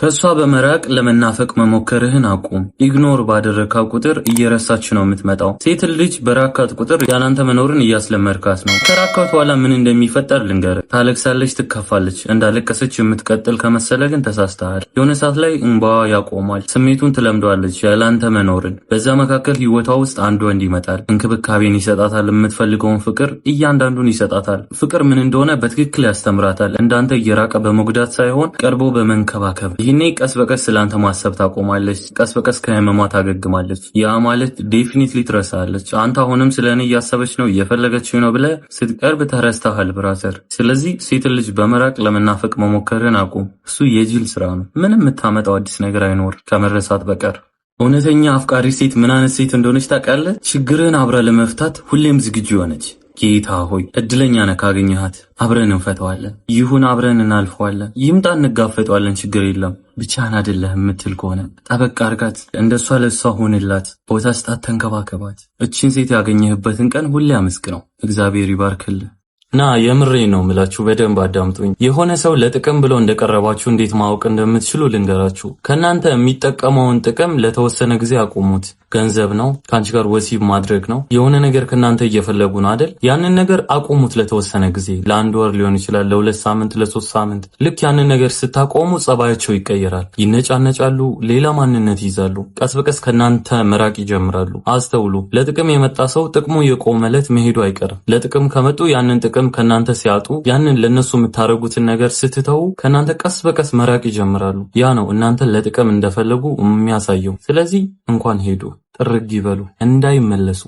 ከእሷ በመራቅ ለመናፈቅ መሞከርህን አቁም። ኢግኖር ባደረካ ቁጥር እየረሳች ነው የምትመጣው። ሴት ልጅ በራካት ቁጥር ያላንተ መኖርን እያስለመድካት ነው። ከራካት በኋላ ምን እንደሚፈጠር ልንገር። ታለቅሳለች፣ ትከፋለች። እንዳለቀሰች የምትቀጥል ከመሰለ ግን ተሳስተሃል። የሆነ ሰዓት ላይ እንባዋ ያቆማል። ስሜቱን ትለምደዋለች፣ ያላንተ መኖርን። በዛ መካከል ህይወቷ ውስጥ አንድ ወንድ ይመጣል። እንክብካቤን ይሰጣታል። የምትፈልገውን ፍቅር እያንዳንዱን ይሰጣታል። ፍቅር ምን እንደሆነ በትክክል ያስተምራታል። እንዳንተ እየራቀ በመጉዳት ሳይሆን ቀርቦ በመንከባከብ ይህኔ ቀስ በቀስ ስለአንተ ማሰብ ታቆማለች። ቀስ በቀስ ከህመማ ታገግማለች። ያ ማለት ዴፊኒትሊ ትረሳለች። አንተ አሁንም ስለ እኔ እያሰበች ነው፣ እየፈለገችው ነው ብለ ስትቀርብ ተረስተሃል ብራተር። ስለዚህ ሴት ልጅ በመራቅ ለመናፈቅ መሞከርን አቁም። እሱ የጅል ስራ ነው። ምንም የምታመጣው አዲስ ነገር አይኖር ከመረሳት በቀር። እውነተኛ አፍቃሪ ሴት ምን አይነት ሴት እንደሆነች ታውቃለህ? ችግርህን አብራ ለመፍታት ሁሌም ዝግጁ የሆነች ጌታ ሆይ እድለኛ ነህ ካገኘሃት። አብረን እንፈተዋለን። ይሁን አብረን እናልፈዋለን። ይምጣ እንጋፈጠዋለን። ችግር የለም ብቻህን አይደለህ የምትል ከሆነ ጠበቅ አርጋት፣ እንደሷ ለእሷ ሆንላት፣ ቦታ ስጣት፣ ተንከባከባት። እችን ሴት ያገኘህበትን ቀን ሁሌ አመስግነው። እግዚአብሔር ይባርክልህ። እና የምሬ ነው ምላችሁ፣ በደንብ አዳምጡኝ። የሆነ ሰው ለጥቅም ብሎ እንደቀረባችሁ እንዴት ማወቅ እንደምትችሉ ልንገራችሁ። ከእናንተ የሚጠቀመውን ጥቅም ለተወሰነ ጊዜ አቁሙት። ገንዘብ ነው፣ ከአንቺ ጋር ወሲብ ማድረግ ነው፣ የሆነ ነገር ከእናንተ እየፈለጉ ነው አደል? ያንን ነገር አቆሙት ለተወሰነ ጊዜ፣ ለአንድ ወር ሊሆን ይችላል፣ ለሁለት ሳምንት፣ ለሶስት ሳምንት። ልክ ያንን ነገር ስታቆሙ ጸባያቸው ይቀየራል፣ ይነጫነጫሉ፣ ሌላ ማንነት ይይዛሉ፣ ቀስ በቀስ ከእናንተ መራቅ ይጀምራሉ። አስተውሉ። ለጥቅም የመጣ ሰው ጥቅሙ የቆመለት መሄዱ አይቀርም። ለጥቅም ከመጡ ያንን ጥቅም ከእናንተ ሲያጡ ያንን ለእነሱ የምታደርጉትን ነገር ስትተው ከእናንተ ቀስ በቀስ መራቅ ይጀምራሉ። ያ ነው እናንተን ለጥቅም እንደፈለጉ የሚያሳየው። ስለዚህ እንኳን ሄዱ። ጥርግ ይበሉ እንዳይመለሱ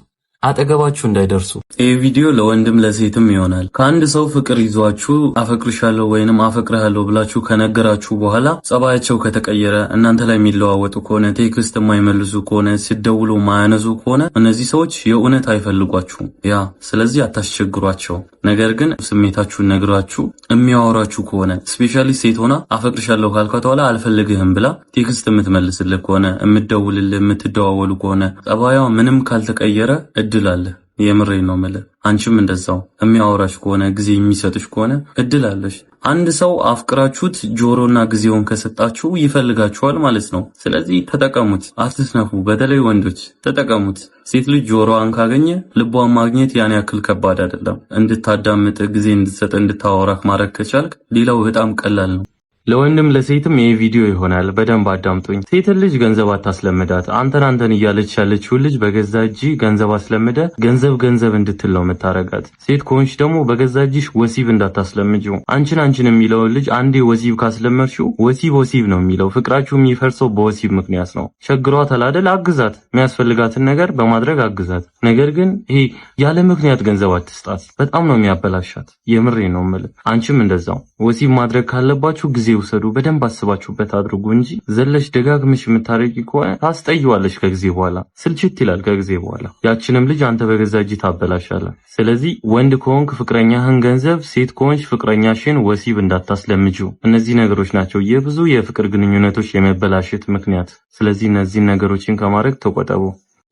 አጠገባችሁ እንዳይደርሱ። ይህ ቪዲዮ ለወንድም ለሴትም ይሆናል። ከአንድ ሰው ፍቅር ይዟችሁ አፈቅርሻለሁ ወይንም አፈቅርሃለሁ ብላችሁ ከነገራችሁ በኋላ ጸባያቸው ከተቀየረ፣ እናንተ ላይ የሚለዋወጡ ከሆነ፣ ቴክስት የማይመልሱ ከሆነ፣ ሲደውሉ ማያነሱ ከሆነ እነዚህ ሰዎች የእውነት አይፈልጓችሁም። ያ ስለዚህ አታስቸግሯቸው። ነገር ግን ስሜታችሁን ነግራችሁ የሚያወራችሁ ከሆነ ስፔሻሊ ሴት ሆና አፈቅርሻለሁ ካልኳት በኋላ አልፈልግህም ብላ ቴክስት የምትመልስልህ ከሆነ፣ የምትደውልልህ የምትደዋወሉ ከሆነ ጸባያ ምንም ካልተቀየረ እድ እድል አለ። የምሬ ነው የምልህ። አንቺም እንደዛው የሚያወራሽ ከሆነ ጊዜ የሚሰጥሽ ከሆነ እድል አለሽ። አንድ ሰው አፍቅራችሁት ጆሮና ጊዜውን ከሰጣችሁ ይፈልጋችኋል ማለት ነው። ስለዚህ ተጠቀሙት፣ አትስነፉ። በተለይ ወንዶች ተጠቀሙት። ሴት ልጅ ጆሮዋን ካገኘ ልቧን ማግኘት ያን ያክል ከባድ አይደለም። እንድታዳምጥ ጊዜ እንድትሰጥ፣ እንድታወራክ ማድረግ ከቻልክ ሌላው በጣም ቀላል ነው። ለወንድም ለሴትም ይሄ ቪዲዮ ይሆናል። በደንብ አዳምጡኝ። ሴትን ልጅ ገንዘብ አታስለምዳት። አንተን አንተን እያለች ያለችውን ልጅ በገዛ እጅ ገንዘብ አስለምደ ገንዘብ ገንዘብ እንድትል ነው የምታረጋት። ሴት ከሆንሽ ደግሞ በገዛ እጅሽ ወሲብ እንዳታስለምጂው። አንቺን አንቺን የሚለውን ልጅ አንዴ ወሲብ ካስለመድሽው ወሲብ ወሲብ ነው የሚለው። ፍቅራችሁ የሚፈርሰው በወሲብ ምክንያት ነው። ሸግሯታል አይደል? አግዛት፣ የሚያስፈልጋትን ነገር በማድረግ አግዛት። ነገር ግን ይሄ ያለ ምክንያት ገንዘብ አትስጣት። በጣም ነው የሚያበላሻት። የምሬ ነው የምልህ። አንቺም እንደዛው ወሲብ ማድረግ ካለባችሁ ጊዜ ውሰዱ በደንብ አስባችሁበት አድርጉ እንጂ ዘለሽ ደጋግመሽ የምታደርጊ ከሆነ ታስጠይዋለሽ ከጊዜ በኋላ ስልችት ይላል። ከጊዜ በኋላ ያችንም ልጅ አንተ በገዛ እጅ ታበላሻለ። ስለዚህ ወንድ ከሆንክ ፍቅረኛህን ገንዘብ፣ ሴት ከሆንሽ ፍቅረኛሽን ወሲብ እንዳታስለምጁ። እነዚህ ነገሮች ናቸው የብዙ የፍቅር ግንኙነቶች የመበላሸት ምክንያት። ስለዚህ እነዚህን ነገሮችን ከማድረግ ተቆጠቡ።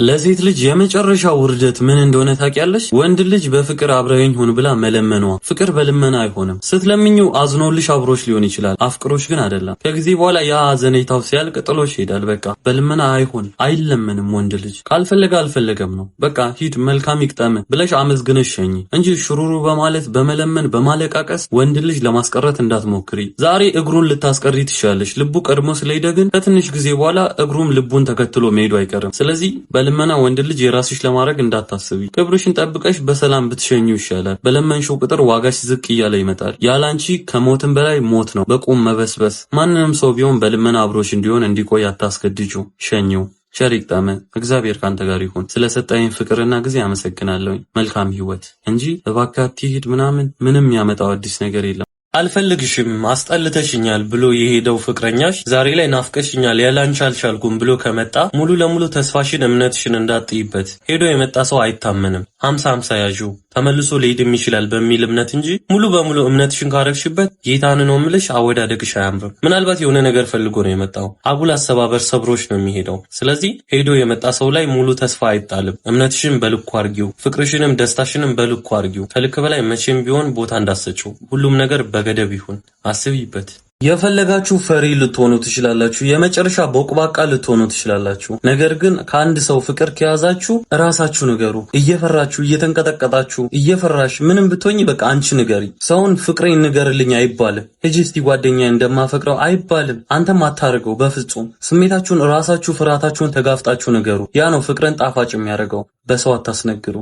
ለሴት ልጅ የመጨረሻው ውርደት ምን እንደሆነ ታውቂያለሽ? ወንድ ልጅ በፍቅር አብረኝ ሁን ብላ መለመኗ። ፍቅር በልመና አይሆንም። ስትለምኚው አዝኖልሽ አብሮሽ ሊሆን ይችላል፣ አፍቅሮሽ ግን አይደለም። ከጊዜ በኋላ ያ ሐዘኔታው ሲያልቅ ጥሎሽ ይሄዳል። በቃ በልመና አይሆን አይለመንም። ወንድ ልጅ ካልፈለገ አልፈለገም ነው በቃ። ሂድ መልካም ይቅጠም ብለሽ አመስግነሽ ሸኝ እንጂ ሽሩሩ በማለት በመለመን በማለቃቀስ ወንድ ልጅ ለማስቀረት እንዳትሞክሪ። ዛሬ እግሩን ልታስቀሪ ትሻለሽ። ልቡ ቀድሞ ስለሄደ ግን ከትንሽ ጊዜ በኋላ እግሩም ልቡን ተከትሎ መሄዱ አይቀርም። ስለዚህ በልመና ወንድ ልጅ የራስሽ ለማድረግ እንዳታስቢ። ክብርሽን ጠብቀሽ በሰላም ብትሸኙ ይሻላል። በለመንሽው ቁጥር ዋጋሽ ዝቅ እያለ ይመጣል። ያላንቺ ከሞትም በላይ ሞት ነው። በቁም መበስበስ። ማንንም ሰው ቢሆን በልመና አብሮሽ እንዲሆን እንዲቆይ አታስገድጁ። ሸኚው። ሸሪቅ ጣመ እግዚአብሔር ካንተ ጋር ይሁን። ስለሰጠኝ ፍቅርና ጊዜ አመሰግናለሁኝ። መልካም ህይወት እንጂ እባክህ አትሂድ ምናምን ምንም ያመጣው አዲስ ነገር የለም። አልፈልግሽም አስጠልተሽኛል ብሎ የሄደው ፍቅረኛሽ ዛሬ ላይ ናፍቀሽኛል ያላንቺ አልቻልኩም ብሎ ከመጣ ሙሉ ለሙሉ ተስፋሽን እምነትሽን እንዳትጥይበት። ሄዶ የመጣ ሰው አይታመንም። ሀምሳ ሀምሳ ያዡ ተመልሶ ሊሄድም ይችላል በሚል እምነት እንጂ ሙሉ በሙሉ እምነትሽን ካረግሽበት ጌታን ነው ምልሽ አወዳደቅሽ አያምርም። ምናልባት የሆነ ነገር ፈልጎ ነው የመጣው። አጉል አሰባበር ሰብሮች ነው የሚሄደው። ስለዚህ ሄዶ የመጣ ሰው ላይ ሙሉ ተስፋ አይጣልም። እምነትሽን በልኩ አርጊው፣ ፍቅርሽንም ደስታሽንም በልኩ አርጊው። ከልክ በላይ መቼም ቢሆን ቦታ እንዳሰጪው። ሁሉም ነገር በገደብ ይሁን፣ አስቢበት። የፈለጋችሁ ፈሪ ልትሆኑ ትችላላችሁ። የመጨረሻ ቦቅባቃ ልትሆኑ ትችላላችሁ። ነገር ግን ከአንድ ሰው ፍቅር ከያዛችሁ ራሳችሁ ንገሩ። እየፈራችሁ እየተንቀጠቀጣችሁ፣ እየፈራሽ ምንም ብትሆኝ በቃ አንቺ ንገሪ። ሰውን ፍቅሬን ንገርልኝ አይባልም። ሂጂ እስቲ ጓደኛ እንደማፈቅረው አይባልም። አንተም አታርገው በፍጹም። ስሜታችሁን ራሳችሁ ፍርሃታችሁን ተጋፍጣችሁ ንገሩ። ያ ነው ፍቅርን ጣፋጭ የሚያደርገው። በሰው አታስነግሩ።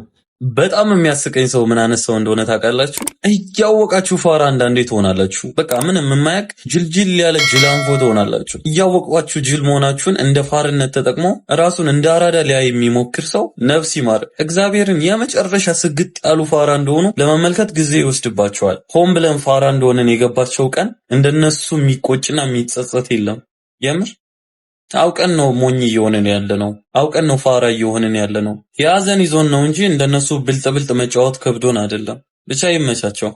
በጣም የሚያስቀኝ ሰው ምን አይነት ሰው እንደሆነ ታውቃላችሁ? እያወቃችሁ ፋራ አንዳንዴ ትሆናላችሁ። በቃ ምንም የማያውቅ ጅልጅል ያለ ጅላንፎ ትሆናላችሁ። እያወቃችሁ ጅል መሆናችሁን እንደ ፋርነት ተጠቅሞ ራሱን እንደ አራዳ ሊያይ የሚሞክር ሰው ነፍስ ይማር። እግዚአብሔርን የመጨረሻ ስግጥ ያሉ ፋራ እንደሆኑ ለመመልከት ጊዜ ይወስድባቸዋል። ሆን ብለን ፋራ እንደሆነን የገባቸው ቀን እንደነሱ የሚቆጭና የሚጸጸት የለም የምር አውቀን ነው ሞኝ እየሆንን ነው። አውቀን ነው ፋራ እየሆንን ነው። የሀዘን ይዞን ነው እንጂ እንደነሱ ብልጥ ብልጥ መጫወት ከብዶን አይደለም። ብቻ ይመቻቸው።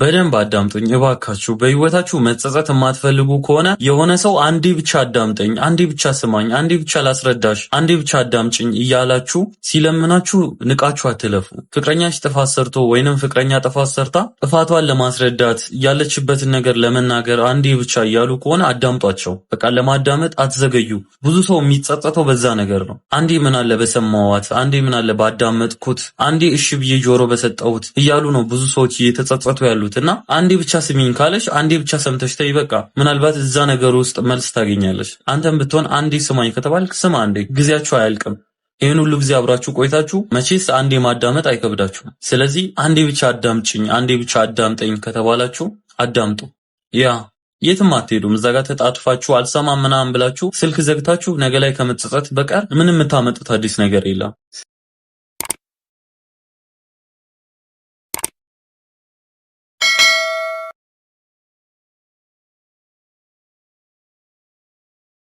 በደንብ አዳምጡኝ እባካችሁ። በህይወታችሁ መጸጸት የማትፈልጉ ከሆነ የሆነ ሰው አንዴ ብቻ አዳምጠኝ፣ አንዴ ብቻ ስማኝ፣ አንዴ ብቻ ላስረዳሽ፣ አንዴ ብቻ አዳምጭኝ እያላችሁ ሲለምናችሁ ንቃችሁ አትለፉ። ፍቅረኛሽ ጥፋት ሰርቶ ወይንም ፍቅረኛ ጥፋት ሰርታ ጥፋቷን ለማስረዳት ያለችበትን ነገር ለመናገር አንዴ ብቻ እያሉ ከሆነ አዳምጧቸው። በቃ ለማዳመጥ አትዘገዩ። ብዙ ሰው የሚጸጸተው በዛ ነገር ነው። አንዴ ምን አለ በሰማዋት፣ አንዴ ምን አለ ባዳመጥኩት፣ አንዴ እሺ ብዬ ጆሮ በሰጠሁት እያሉ ነው ብዙ ሰዎች እየተጸጸቱ ያሉ አሉት እና አንዴ ብቻ ስሚኝ ካለሽ አንዴ ብቻ ሰምተሽ ተይ በቃ። ምናልባት እዛ ነገር ውስጥ መልስ ታገኛለሽ። አንተም ብትሆን አንዴ ስማኝ ከተባልክ ስማ አንዴ። ጊዜያችሁ አያልቅም። ይህን ሁሉ ጊዜ አብራችሁ ቆይታችሁ መቼስ አንዴ ማዳመጥ አይከብዳችሁም። ስለዚህ አንዴ ብቻ አዳምጭኝ፣ አንዴ ብቻ አዳምጠኝ ከተባላችሁ አዳምጡ። ያ የትም አትሄዱም። እዛ ጋር ተጣጥፋችሁ አልሰማም ምናምን ብላችሁ ስልክ ዘግታችሁ ነገ ላይ ከመጸጸት በቀር ምንም የምታመጡት አዲስ ነገር የለም።